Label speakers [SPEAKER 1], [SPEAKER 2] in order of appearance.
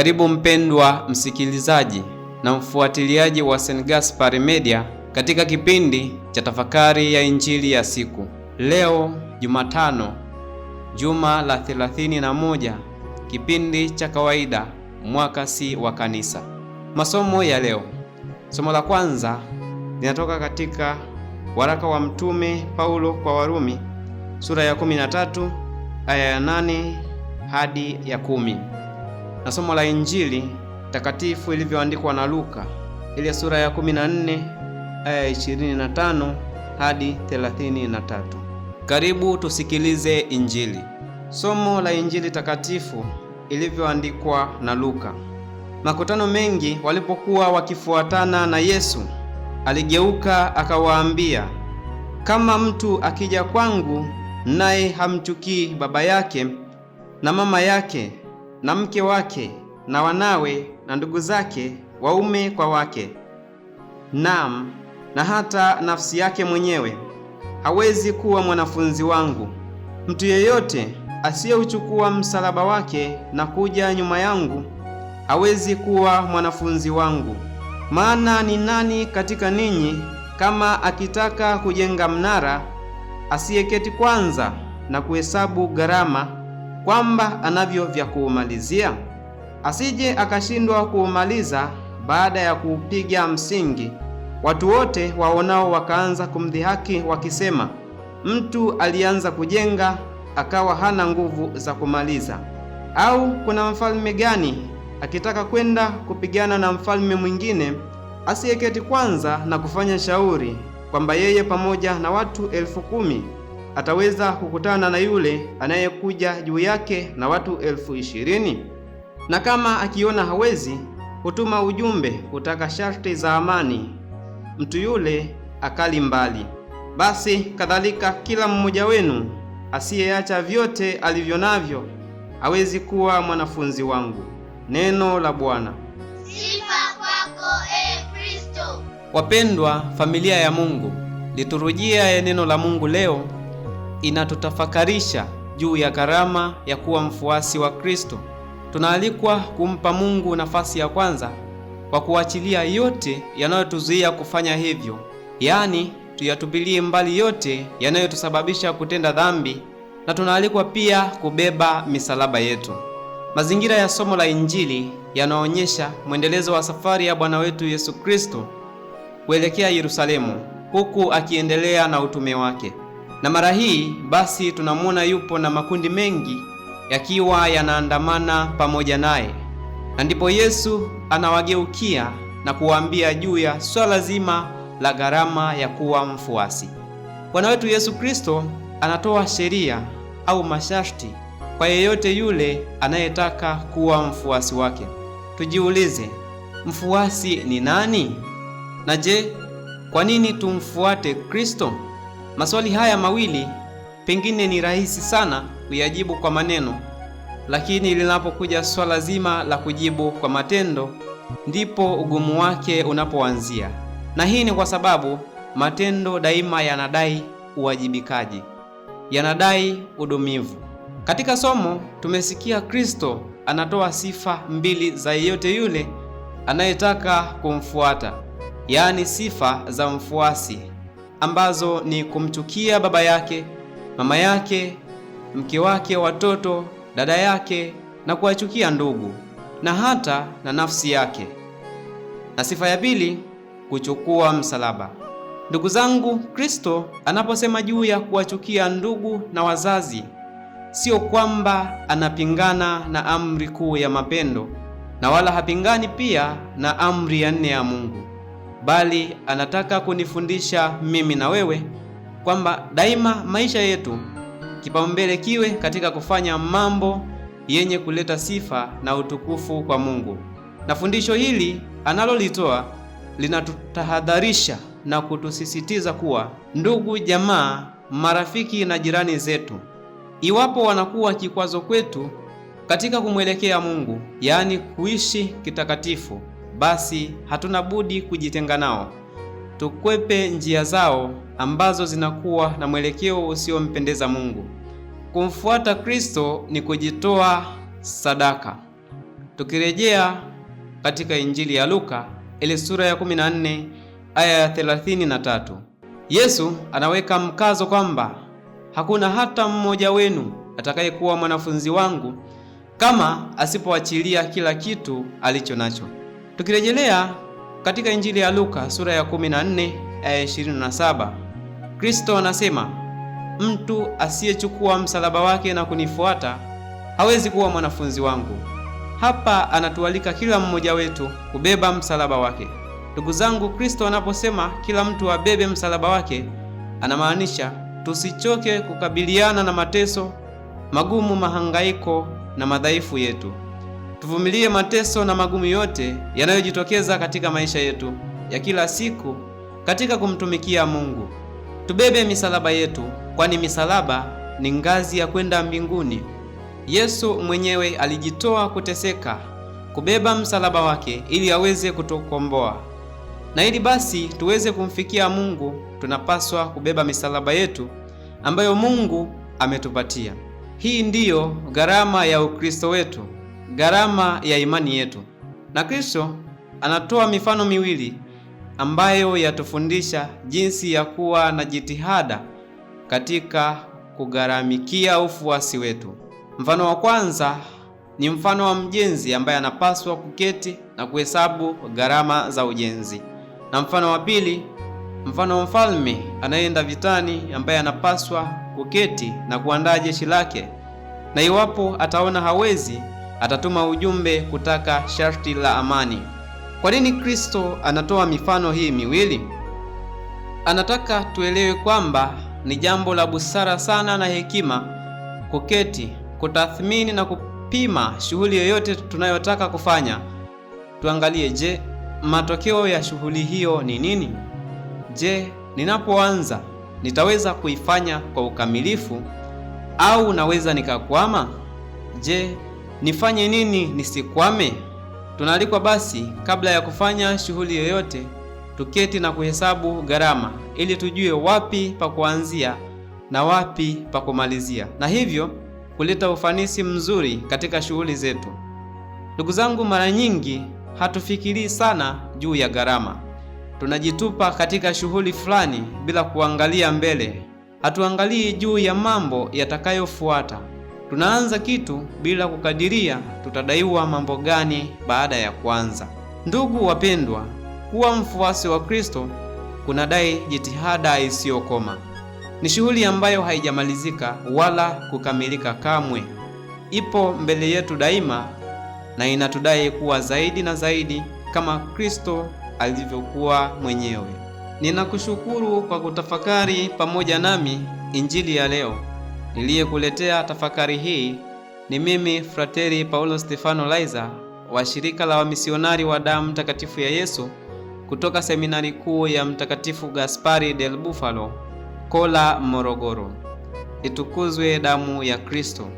[SPEAKER 1] Karibu mpendwa msikilizaji na mfuatiliaji wa St. Gaspar Media katika kipindi cha tafakari ya injili ya siku. Leo Jumatano, juma la 31, kipindi cha kawaida, mwaka si wa Kanisa. Masomo ya leo, somo la kwanza linatoka katika waraka wa Mtume Paulo kwa Warumi sura ya 13 aya ya 8 hadi ya kumi na somo la Injili takatifu ilivyoandikwa na Luka ile sura ya 14 aya 25 hadi 33. Karibu tusikilize Injili. Somo la Injili takatifu ilivyoandikwa na Luka. Makutano mengi walipokuwa wakifuatana na Yesu, aligeuka akawaambia, kama mtu akija kwangu naye hamchukii baba yake na mama yake na mke wake na wanawe na ndugu zake waume kwa wake, naam, na hata nafsi yake mwenyewe, hawezi kuwa mwanafunzi wangu. Mtu yeyote asiyeuchukua msalaba wake na kuja nyuma yangu hawezi kuwa mwanafunzi wangu. Maana ni nani katika ninyi kama akitaka kujenga mnara asiyeketi kwanza na kuhesabu gharama kwamba anavyo vya kuumalizia, asije akashindwa kuumaliza baada ya kuupiga msingi. Watu wote waonao wakaanza kumdhihaki wakisema, mtu alianza kujenga akawa hana nguvu za kumaliza. Au kuna mfalme gani akitaka kwenda kupigana na mfalme mwingine asiyeketi kwanza na kufanya shauri kwamba yeye pamoja na watu elfu kumi ataweza kukutana na yule anayekuja juu yake na watu elfu ishirini? Na kama akiona hawezi, hutuma ujumbe kutaka sharti za amani, mtu yule akali mbali. Basi kadhalika kila mmoja wenu asiyeacha vyote alivyo navyo hawezi kuwa mwanafunzi wangu. Neno la Bwana. Sifa kwako e Kristo.
[SPEAKER 2] Wapendwa familia ya Mungu, liturujia ya neno la Mungu leo inatutafakarisha juu ya gharama ya kuwa mfuasi wa Kristo. Tunaalikwa kumpa Mungu nafasi ya kwanza kwa kuachilia yote yanayotuzuia kufanya hivyo, yaani tuyatupilie mbali yote yanayotusababisha kutenda dhambi, na tunaalikwa pia kubeba misalaba yetu. Mazingira ya somo la Injili yanaonyesha mwendelezo wa safari ya Bwana wetu Yesu Kristo kuelekea Yerusalemu, huku akiendelea na utume wake na mara hii basi tunamwona yupo na makundi mengi yakiwa yanaandamana pamoja naye, na ndipo Yesu anawageukia na kuwaambia juu ya swala zima la gharama ya kuwa mfuasi. Bwana wetu Yesu Kristo anatoa sheria au masharti kwa yeyote yule anayetaka kuwa mfuasi wake. Tujiulize, mfuasi ni nani? Na je, kwa nini tumfuate Kristo? Maswali haya mawili pengine ni rahisi sana kuyajibu kwa maneno, lakini linapokuja swala zima la kujibu kwa matendo ndipo ugumu wake unapoanzia, na hii ni kwa sababu matendo daima yanadai uwajibikaji, yanadai udumivu. Katika somo tumesikia Kristo anatoa sifa mbili za yeyote yule anayetaka kumfuata, yaani sifa za mfuasi ambazo ni kumchukia baba yake, mama yake, mke wake, watoto, dada yake na kuwachukia ndugu na hata na nafsi yake. Na sifa ya pili, kuchukua msalaba. Ndugu zangu, Kristo anaposema juu ya kuwachukia ndugu na wazazi, sio kwamba anapingana na amri kuu ya mapendo na wala hapingani pia na amri ya nne ya Mungu bali anataka kunifundisha mimi na wewe kwamba daima maisha yetu kipaumbele kiwe katika kufanya mambo yenye kuleta sifa na utukufu kwa Mungu. Na fundisho hili analolitoa linatutahadharisha na kutusisitiza kuwa ndugu, jamaa, marafiki na jirani zetu, iwapo wanakuwa kikwazo kwetu katika kumwelekea Mungu, yaani kuishi kitakatifu basi hatuna budi kujitenga nao, tukwepe njia zao ambazo zinakuwa na mwelekeo usiompendeza Mungu. Kumfuata Kristo ni kujitoa sadaka. Tukirejea katika Injili ya Luka ile sura ya 14 aya ya 33, Yesu anaweka mkazo kwamba hakuna hata mmoja wenu atakayekuwa mwanafunzi wangu kama asipoachilia kila kitu alicho nacho. Tukirejelea katika Injili ya Luka sura ya 14 aya 27, Kristo anasema mtu asiyechukua msalaba wake na kunifuata hawezi kuwa mwanafunzi wangu. Hapa anatualika kila mmoja wetu kubeba msalaba wake. Ndugu zangu, Kristo anaposema kila mtu abebe msalaba wake, anamaanisha tusichoke kukabiliana na mateso magumu, mahangaiko na madhaifu yetu tuvumilie mateso na magumu yote yanayojitokeza katika maisha yetu ya kila siku katika kumtumikia Mungu. Tubebe misalaba yetu, kwani misalaba ni ngazi ya kwenda mbinguni. Yesu mwenyewe alijitoa kuteseka, kubeba msalaba wake ili aweze kutukomboa. Na ili basi tuweze kumfikia Mungu, tunapaswa kubeba misalaba yetu ambayo Mungu ametupatia. Hii ndiyo gharama ya Ukristo wetu gharama ya imani yetu, na Kristo anatoa mifano miwili ambayo yatufundisha jinsi ya kuwa na jitihada katika kugharamikia ufuasi wetu. Mfano wa kwanza ni mfano wa mjenzi ambaye anapaswa kuketi na kuhesabu gharama za ujenzi, na mfano wa pili, mfano wa mfalme anayeenda vitani ambaye anapaswa kuketi na kuandaa jeshi lake, na iwapo ataona hawezi atatuma ujumbe kutaka sharti la amani. Kwa nini Kristo anatoa mifano hii miwili? Anataka tuelewe kwamba ni jambo la busara sana na hekima kuketi, kutathmini na kupima shughuli yoyote tunayotaka kufanya. Tuangalie, je, matokeo ya shughuli hiyo ni nini? Je, ninapoanza nitaweza kuifanya kwa ukamilifu au naweza nikakwama? Je, Nifanye nini nisikwame? Tunaalikwa basi, kabla ya kufanya shughuli yoyote, tuketi na kuhesabu gharama ili tujue wapi pa kuanzia na wapi pa kumalizia, na hivyo kuleta ufanisi mzuri katika shughuli zetu. Ndugu zangu, mara nyingi hatufikirii sana juu ya gharama. Tunajitupa katika shughuli fulani bila kuangalia mbele. Hatuangalii juu ya mambo yatakayofuata. Tunaanza kitu bila kukadiria tutadaiwa mambo gani baada ya kuanza. Ndugu wapendwa, kuwa mfuasi wa Kristo kunadai jitihada isiyokoma. Ni shughuli ambayo haijamalizika wala kukamilika kamwe. Ipo mbele yetu daima na inatudai kuwa zaidi na zaidi kama Kristo alivyokuwa mwenyewe. Ninakushukuru kwa kutafakari pamoja nami Injili ya leo. Niliyekuletea tafakari hii ni mimi Frateri Paulo Stefano Laiza wa shirika la wamisionari wa damu mtakatifu ya Yesu kutoka seminari kuu ya Mtakatifu Gaspari del Bufalo, Kola, Morogoro. Itukuzwe damu ya Kristo!